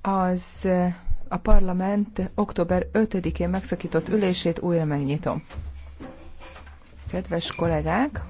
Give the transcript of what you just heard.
Az a parlament október 5-én megszakított ülését újra megnyitom. Kedves kollégák!